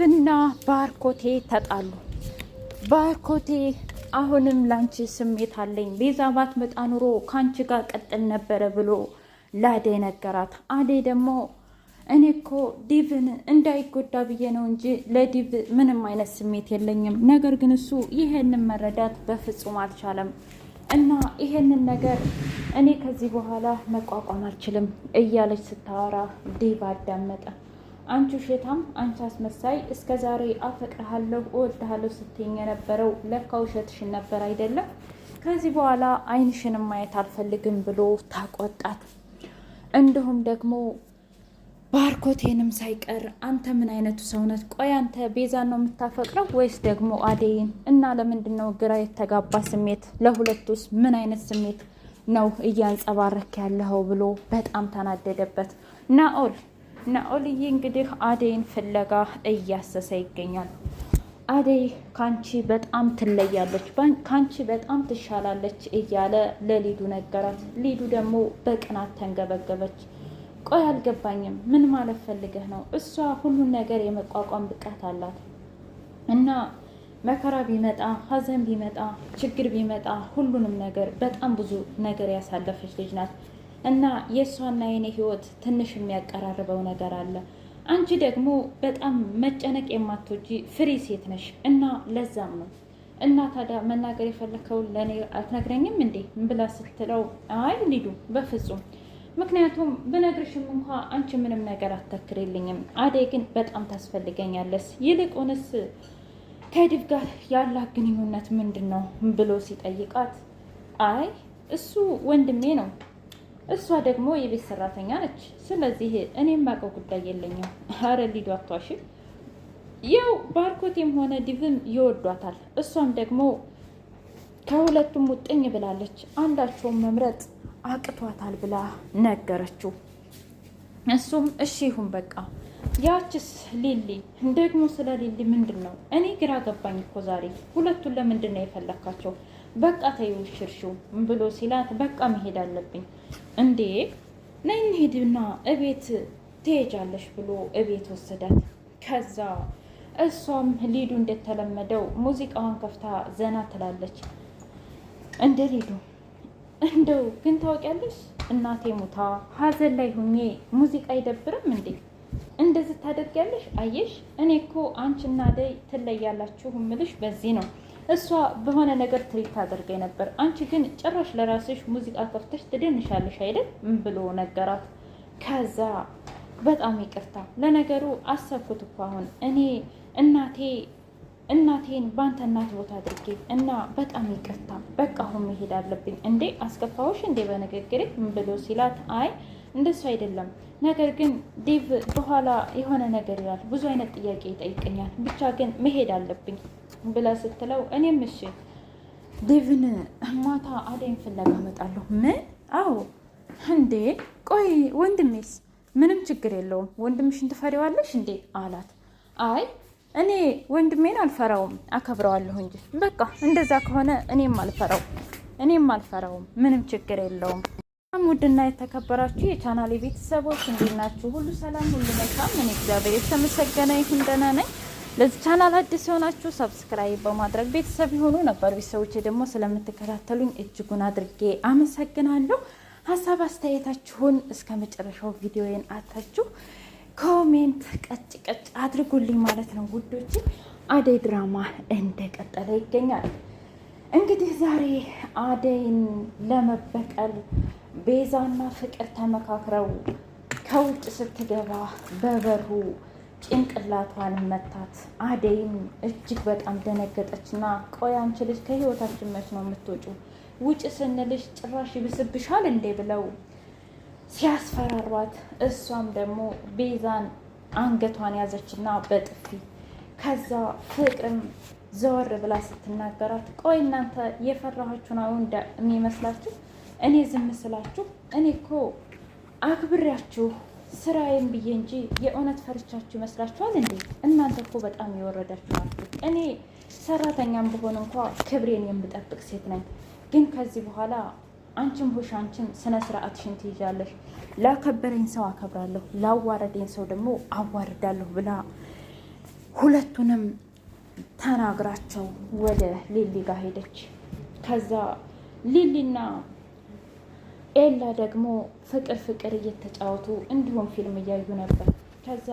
ብና ባርኮቴ ተጣሉ። ባርኮቴ አሁንም ላንቺ ስሜት አለኝ፣ ቤዛ ባትመጣ ኑሮ ከአንቺ ጋር ቀጥል ነበረ ብሎ ላዴ ነገራት። አዴ ደግሞ እኔ እኮ ዲቭን እንዳይጎዳ ብዬ ነው እንጂ ለዲቭ ምንም አይነት ስሜት የለኝም። ነገር ግን እሱ ይሄንን መረዳት በፍጹም አልቻለም እና ይሄንን ነገር እኔ ከዚህ በኋላ መቋቋም አልችልም እያለች ስታወራ ዲቭ አዳመጠ። አንቺ ውሸታም፣ አንቺ አስመሳይ እስከ ዛሬ አፈቅርሃለሁ፣ እወድሃለሁ ስትይኝ የነበረው ለካ ውሸትሽን ነበር አይደለም። ከዚህ በኋላ አይንሽንም ማየት አልፈልግም ብሎ ታቆጣት። እንዲሁም ደግሞ ባርኮቴንም ሳይቀር አንተ ምን አይነቱ ሰውነት? ቆይ አንተ ቤዛን ነው የምታፈቅረው ወይስ ደግሞ አደይን? እና ለምንድን ነው ግራ የተጋባ ስሜት? ለሁለቱስ ምን አይነት ስሜት ነው እያንጸባረክ ያለኸው? ብሎ በጣም ተናደደበት ናኦል ናኦልዬ እንግዲህ አደይን ፍለጋ እያሰሰ ይገኛል። አደይ ካንቺ በጣም ትለያለች፣ ካንቺ በጣም ትሻላለች እያለ ለሊዱ ነገራት። ሊዱ ደግሞ በቅናት ተንገበገበች። ቆይ አልገባኝም፣ ምን ማለት ፈልገህ ነው? እሷ ሁሉን ነገር የመቋቋም ብቃት አላት እና መከራ ቢመጣ ሐዘን ቢመጣ ችግር ቢመጣ ሁሉንም ነገር በጣም ብዙ ነገር ያሳለፈች ልጅ ናት። እና የእሷና የኔ ህይወት ትንሽ የሚያቀራርበው ነገር አለ። አንቺ ደግሞ በጣም መጨነቅ የማትወጂ ፍሪ ሴት ነሽ እና ለዛም ነው እና ታዲያ መናገር የፈለከውን ለእኔ አትነግረኝም እንዴ ብላ ስትለው አይ ሊዱ በፍጹም ምክንያቱም ብነግርሽም እንኳ አንቺ ምንም ነገር አትተክርልኝም። አደይ ግን በጣም ታስፈልገኛለስ። ይልቁንስ ከድብ ጋር ያላት ግንኙነት ምንድን ነው ብሎ ሲጠይቃት አይ እሱ ወንድሜ ነው እሷ ደግሞ የቤት ሰራተኛ ነች። ስለዚህ እኔ የማውቀው ጉዳይ የለኝም። አረ ሊዱ አትዋሽም። ያው ባርኮቴም ሆነ ዲቭም ይወዷታል። እሷም ደግሞ ከሁለቱም ውጥኝ ብላለች። አንዳቸውን መምረጥ አቅቷታል ብላ ነገረችው። እሱም እሺ ይሁን በቃ። ያችስ ሊሊ ደግሞ ስለ ሊሊ ምንድን ነው? እኔ ግራ ገባኝ እኮ ዛሬ። ሁለቱን ለምንድን ነው የፈለካቸው? በቃ ተይው ብሎ ሲላት፣ በቃ መሄድ አለብኝ እንዴ ነይ እንሂድና እቤት ትሄጃለሽ ብሎ እቤት ወሰዳት። ከዛ እሷም ሊዱ እንደተለመደው ሙዚቃዋን ከፍታ ዘና ትላለች። እንደ ሊዱ እንደው ግን ታወቂያለሽ እናቴ ሙታ ሀዘን ላይ ሁኜ ሙዚቃ አይደብርም እንዴ? እንደዚህ ታደርጊያለሽ? አየሽ እኔ እኮ አንቺና አደይ ትለያላችሁ ምልሽ በዚህ ነው እሷ በሆነ ነገር ትሪት ታደርገኝ ነበር። አንቺ ግን ጭራሽ ለራስሽ ሙዚቃ ከፍተሽ ትደንሻለሽ አይደል ብሎ ነገራት። ከዛ በጣም ይቅርታ ለነገሩ አሰብኩት እኮ አሁን እኔ እናቴ እናቴን በአንተ እናት ቦታ አድርጌ እና በጣም ይቅርታ፣ በቃ አሁን መሄድ አለብኝ። እንዴ አስከፋዎች እንዴ በንግግሬ ብሎ ሲላት፣ አይ እንደሱ አይደለም ነገር ግን ዴቭ በኋላ የሆነ ነገር ይላል፣ ብዙ አይነት ጥያቄ ይጠይቀኛል። ብቻ ግን መሄድ አለብኝ ብላ ስትለው እኔም እሺ ዴቭን ማታ አደይን ፍለጋ እመጣለሁ። ምን? አዎ እንዴ ቆይ ወንድሜስ? ምንም ችግር የለውም ወንድምሽን ትፈሪዋለሽ እንዴ አላት። አይ እኔ ወንድሜን አልፈራውም አከብረዋለሁ እንጂ በቃ እንደዛ ከሆነ እኔም አልፈራው እኔም አልፈራውም ምንም ችግር የለውም። በጣም ውድና የተከበራችሁ የቻናሌ ቤተሰቦች እንዴት ናችሁ? ሁሉ ሰላም፣ ሁሉ መልካም። እኔ እግዚአብሔር የተመሰገነ ይሁን ደህና ነኝ። ለዚህ ቻናል አዲስ የሆናችሁ ሰብስክራይብ በማድረግ ቤተሰብ የሆኑ ነበር ቤተሰቦች ደግሞ ስለምትከታተሉኝ እጅጉን አድርጌ አመሰግናለሁ። ሀሳብ አስተያየታችሁን እስከ መጨረሻው ቪዲዮዬን አታችሁ ኮሜንት ቀጭ ቀጭ አድርጉልኝ ማለት ነው ጉዶች። አደይ ድራማ እንደቀጠለ ይገኛል። እንግዲህ ዛሬ አደይን ለመበቀል ቤዛና ፍቅር ተመካክረው ከውጭ ስትገባ በበሩ ጭንቅላቷን መታት። አደይም እጅግ በጣም ደነገጠችና ቆይ አንቺ ልጅ ከህይወታችን መች ነው የምትወጪው? ውጭ ስንልሽ ጭራሽ ይብስብሻል እንዴ ብለው ሲያስፈራሯት እሷም ደግሞ ቤዛን አንገቷን ያዘችና በጥፊ ከዛ ፍቅርም ዘወር ብላ ስትናገራት ቆይ እናንተ የፈራኋችሁን አሁን የሚመስላችሁ እኔ ዝም ስላችሁ እኔ እኮ አክብሬያችሁ ስራዬም ብዬ እንጂ የእውነት ፈርቻችሁ ይመስላችኋል እንዴ? እናንተ እኮ በጣም የወረዳችሁ እኔ ሰራተኛም ብሆን እንኳ ክብሬን የምጠብቅ ሴት ነኝ። ግን ከዚህ በኋላ አንቺም ሆሽ አንቺም ስነ ስርዓትሽን ትይዣለሽ። ላከበረኝ ሰው አከብራለሁ፣ ላዋረደኝ ሰው ደግሞ አዋርዳለሁ ብላ ሁለቱንም ተናግራቸው ወደ ሊሊ ጋር ሄደች። ከዛ ሊሊና ኤላ ደግሞ ፍቅር ፍቅር እየተጫወቱ እንዲሁም ፊልም እያዩ ነበር። ከዛ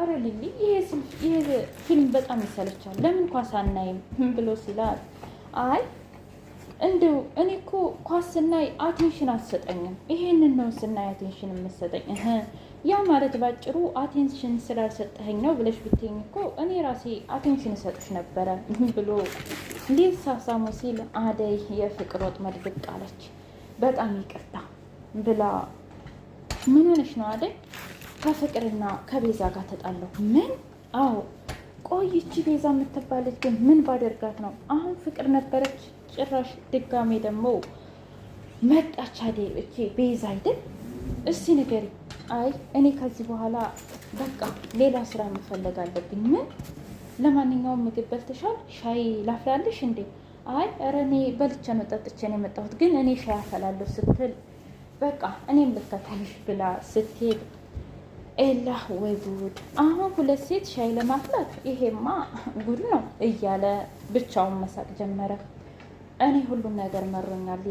አረ ሊሊ ይሄ ፊልም በጣም ይሰለቻል፣ ለምን ኳስ አናይም ብሎ ሲላል፣ አይ እንዲሁ እኔ እኮ ኳስ ስናይ አቴንሽን አትሰጠኝም፣ ይሄንን ነው ስናይ አቴንሽን የምትሰጠኝ። ያ ማለት ባጭሩ አቴንሽን ስላልሰጠኝ ነው ብለሽ ብትይኝ እኮ እኔ ራሴ አቴንሽን እሰጥሽ ነበረ ብሎ ሊሳሳሙ ሲል አደይ የፍቅር ወጥመድ ብቅ አለች። በጣም ይቅርታ ብላ ምን ሆነሽ ነው አይደል? ከፍቅርና ከቤዛ ጋር ተጣለሁ። ምን? አዎ። ቆይ ቤዛ የምትባለች ግን ምን ባደርጋት ነው? አሁን ፍቅር ነበረች፣ ጭራሽ ድጋሜ ደግሞ መጣች። አይደል እቺ ቤዛ አይደል? እስቲ ንገሪ። አይ እኔ ከዚህ በኋላ በቃ ሌላ ስራ መፈለግ አለብኝ። ምን? ለማንኛውም ምግብ በልተሻል? ሻይ ላፍላለሽ እንዴ? አይ ኧረ እኔ በልቼ ነው ጠጥቼ ነው የመጣሁት፣ ግን እኔ ሻይ አፈላለሁ ስትል በቃ እኔም ልከተልሽ ብላ ስትሄድ ኤላ ወይ ጉድ! አሁን ሁለት ሴት ሻይ ለማፍላት ይሄማ ጉድ ነው እያለ ብቻውን መሳቅ ጀመረ። እኔ ሁሉም ነገር መሮኛል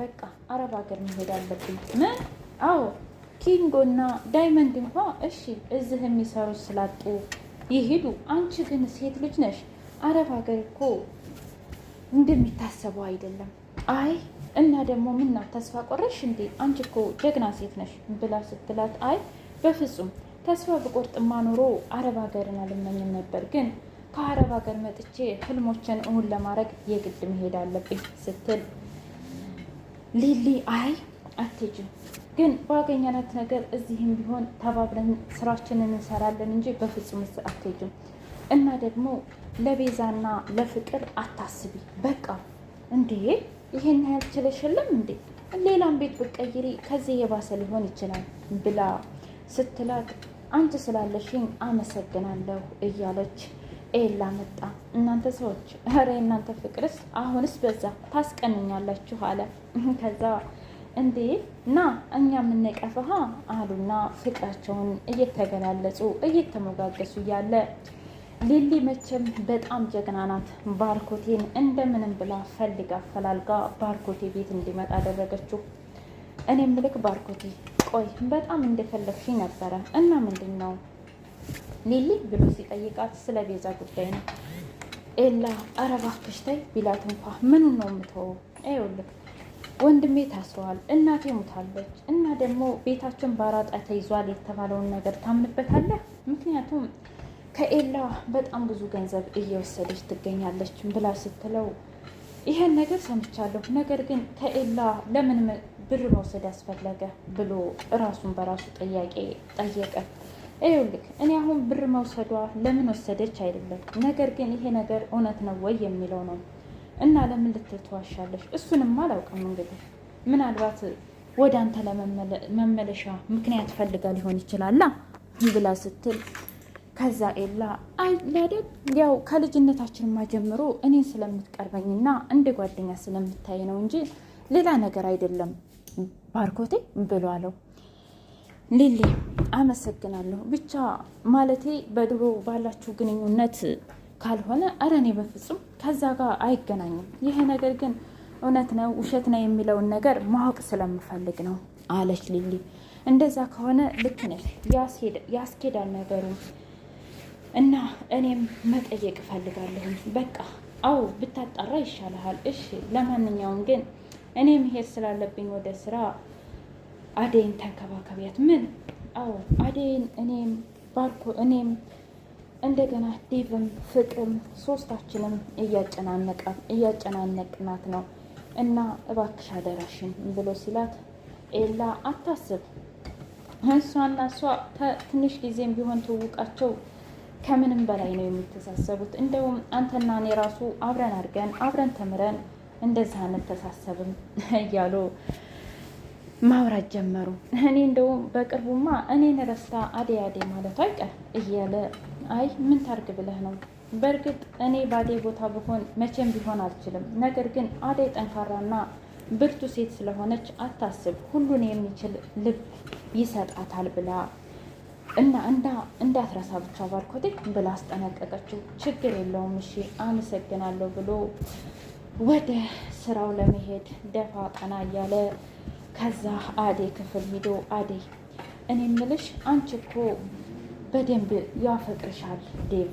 በቃ አረብ ሀገር መሄድ አለብኝ። ምን? አዎ ኪንጎና ዳይመንድ እንኳ እሺ እዚህ የሚሰሩት ስላጡ ይሄዱ። አንቺ ግን ሴት ልጅ ነሽ፣ አረብ ሀገር እኮ እንደሚታሰበው አይደለም። አይ እና ደግሞ ምነው ተስፋ ቆረሽ እንዴ? አንቺ እኮ ጀግና ሴት ነሽ ብላ ስትላት፣ አይ በፍጹም ተስፋ ብቆርጥማ ኑሮ አረብ ሀገርን አልመኝም ነበር፣ ግን ከአረብ ሀገር መጥቼ ህልሞችን እውን ለማድረግ የግድ መሄድ አለብኝ ስትል ሊሊ አይ አትሄጂም፣ ግን ባገኘናት ነገር እዚህም ቢሆን ተባብለን ስራችንን እንሰራለን እንጂ በፍጹም አትሄጂም እና ደግሞ ለቤዛና ለፍቅር አታስቢ በቃ እንዴ ይሄን ያህል እንዴ ሌላም ቤት ብቀይሪ ከዚህ የባሰ ሊሆን ይችላል ብላ ስትላት አንቺ ስላለሽኝ አመሰግናለሁ እያለች ኤላ መጣ። እናንተ ሰዎች ኧረ እናንተ ፍቅርስ አሁንስ በዛ ታስቀንኛላችሁ አለ። ከዛ እንዴ ና እኛ የምንቀፈሃ አሉና ፍቅራቸውን እየተገላለጹ እየተሞጋገሱ እያለ ሊሊ መቼም በጣም ጀግና ናት። ባርኮቴን እንደምንም ብላ ፈልጋ ፈላልጋ ባርኮቴ ቤት እንዲመጣ አደረገችው። እኔ ምልክ ባርኮቴ፣ ቆይ በጣም እንደፈለግሽ ነበረ እና ምንድን ነው ሊሊ ብሎ ሲጠይቃት ስለ ቤዛ ጉዳይ ነው። ኤላ ኧረ እባክሽ ተይ ቢላት እንኳ ምኑን ነው የምትወው? ይኸውልህ ወንድሜ ታስሯል፣ እናቴ ሙታለች እና ደግሞ ቤታችን በአራጣ ተይዟል የተባለውን ነገር ታምንበታለህ? ምክንያቱም ከኤላ በጣም ብዙ ገንዘብ እየወሰደች ትገኛለች ብላ ስትለው ይሄን ነገር ሰምቻለሁ፣ ነገር ግን ከኤላ ለምን ብር መውሰድ ያስፈለገ ብሎ እራሱን በራሱ ጥያቄ ጠየቀ። ይኸውልህ እኔ አሁን ብር መውሰዷ ለምን ወሰደች አይደለም፣ ነገር ግን ይሄ ነገር እውነት ነው ወይ የሚለው ነው። እና ለምን ልትተዋሻለች? እሱንም አላውቅም። እንግዲህ ምናልባት ወደ አንተ ለመመለሻ ምክንያት ፈልጋ ሊሆን ይችላላ ብላ ስትል ከዛ ኤላ አይላደግ ያው ከልጅነታችን ማጀምሮ እኔን ስለምትቀርበኝና እንደ ጓደኛ ስለምታይ ነው እንጂ ሌላ ነገር አይደለም ባርኮቴ ብሎ አለው። ሊሊ አመሰግናለሁ። ብቻ ማለቴ በድሮ ባላችሁ ግንኙነት ካልሆነ እረ እኔ በፍጹም ከዛ ጋር አይገናኝም። ይሄ ነገር ግን እውነት ነው ውሸት ነው የሚለውን ነገር ማወቅ ስለምፈልግ ነው አለች ሊሊ። እንደዛ ከሆነ ልክ ነሽ፣ ያስኬዳል ነገሩ እና እኔም መጠየቅ እፈልጋለሁ። በቃ አዎ ብታጣራ ይሻልሃል። እሺ ለማንኛውም ግን እኔ መሄድ ስላለብኝ ወደ ስራ አደይን ተንከባከቢያት። ምን? አዎ አደይን እኔም ባርኮ እኔም እንደገና ዲቭም ፍቅርም ሶስታችንም እያጨናነቅናት ነው እና እባክሽ አደራሽን ብሎ ሲላት ኤላ አታስብ እሷና እሷ ትንሽ ጊዜም ቢሆን ትውቃቸው ከምንም በላይ ነው የሚተሳሰቡት። እንደውም አንተና እኔ ራሱ አብረን አድርገን አብረን ተምረን እንደዚህ አንተሳሰብም እያሉ ማውራት ጀመሩ። እኔ እንደውም በቅርቡማ እኔን ረስታ አዴ አዴ ማለቱ አይቀርም እያለ አይ ምን ታርግ ብለህ ነው በእርግጥ እኔ በአዴ ቦታ ብሆን መቼም ቢሆን አልችልም። ነገር ግን አዴ ጠንካራና ብርቱ ሴት ስለሆነች አታስብ፣ ሁሉን የሚችል ልብ ይሰጣታል ብላ እና እንዳ እንዳትረሳ ብቻ ባርኮቴ ብላ አስጠነቀቀችው። ችግር የለውም እሺ አመሰግናለሁ ብሎ ወደ ስራው ለመሄድ ደፋ ቀና እያለ ከዛ አዴ ክፍል ሂዶ አዴ እኔ ምልሽ አንቺ እኮ በደንብ ያፈቅርሻል ዴቭ፣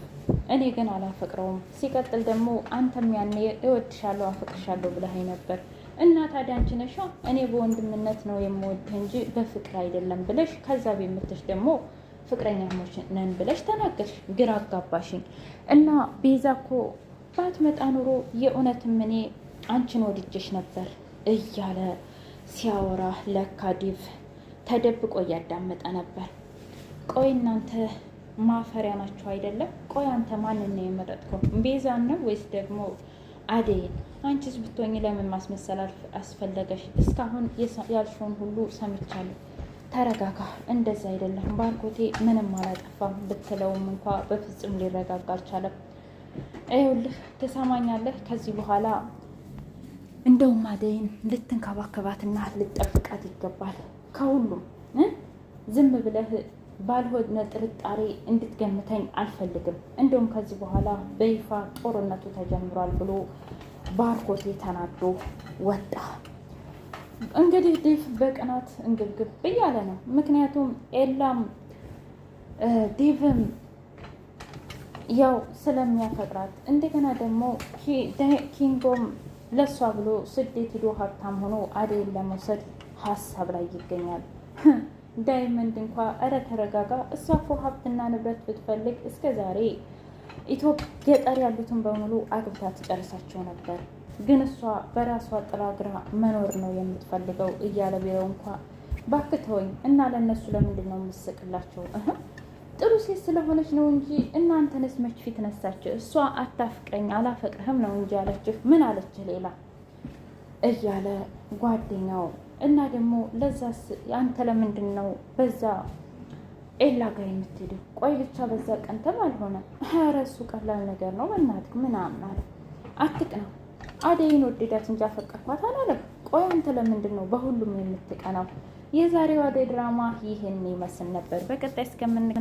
እኔ ግን አላፈቅረውም። ሲቀጥል ደግሞ አንተም ያኔ እወድሻለሁ አፈቅርሻለሁ ብለኸኝ ነበር እና ታዲያ አንቺ ነሻ እኔ በወንድምነት ነው የምወድህ እንጂ በፍቅር አይደለም ብለሽ ከዛ ቤት መተሽ ደግሞ ፍቅረኛሞች ነን ብለሽ ተናገርሽ። ግራ አጋባሽኝ እና ቤዛ እኮ ባትመጣ ኑሮ የእውነትም እኔ አንቺን ወድጀሽ ነበር እያለ ሲያወራ ለካ ዲቭ ተደብቆ እያዳመጠ ነበር። ቆይ እናንተ ማፈሪያ ናቸው አይደለም? ቆይ አንተ ማንን ነው የመረጥከው? ቤዛን ነው ወይስ ደግሞ አደይን? አንቺስ ብትሆኝ ለምን ማስመሰል አስፈለገሽ? እስካሁን ያልሽውን ሁሉ ሰምቻለሁ። ተረጋጋ፣ እንደዚ አይደለም ባርኮቴ ምንም አላጠፋም ብትለውም እንኳ በፍጹም ሊረጋጋ አልቻለም። ይኸውልህ ትሰማኛለህ፣ ከዚህ በኋላ እንደውም አደይን ልትንከባከባትና ልጠብቃት ይገባል። ከሁሉም ዝም ብለህ ባልሆነ ጥርጣሬ እንድትገምተኝ አልፈልግም። እንደውም ከዚህ በኋላ በይፋ ጦርነቱ ተጀምሯል ብሎ ባርኮቴ ተናዶ ወጣ። እንግዲህ ዴፍ በቅናት እንግብግብ እያለ ነው። ምክንያቱም ኤላም ዴቭም ያው ስለሚያፈቅራት እንደገና ደግሞ ኪንጎም ለእሷ ብሎ ስደት ሂዶ ሀብታም ሆኖ አደይን ለመውሰድ ሀሳብ ላይ ይገኛል። ዳይመንድ እንኳ እረ ተረጋጋ። እሷ እኮ ሀብትና ንብረት ብትፈልግ እስከ ዛሬ ኢትዮጵያ ገጠር ያሉትን በሙሉ አግብታ ትጨርሳቸው ነበር። ግን እሷ በራሷ ጥላ ግራ መኖር ነው የምትፈልገው እያለ ቢለው እንኳ ባክተወኝ እና ለእነሱ ለምንድን ነው የምትስቅላቸው? ጥሩ ሴት ስለሆነች ነው እንጂ እናንተንስ መች ፊት ነሳች? እሷ አታፍቅረኝ አላፈቅርህም ነው እንጂ አለችህ። ምን አለችህ ሌላ እያለ ጓደኛው እና ደግሞ ለዛስ አንተ ለምንድን ነው በዛ ኤላ ጋር የምትሄደው? ቆይ ብቻ በዛ ቀንተም አልሆነ። ኧረ እሱ ቀላል ነገር ነው በእናትህ ምናምን አለ። ነው አደይን ወደዳት እንጂ አፈቀርኳት አላለም። ቆይ አንተ ለምንድን ነው በሁሉም የምትቀናው? የዛሬው አደይ ድራማ ይህን ይመስል ነበር። በቀጣይ እስከምን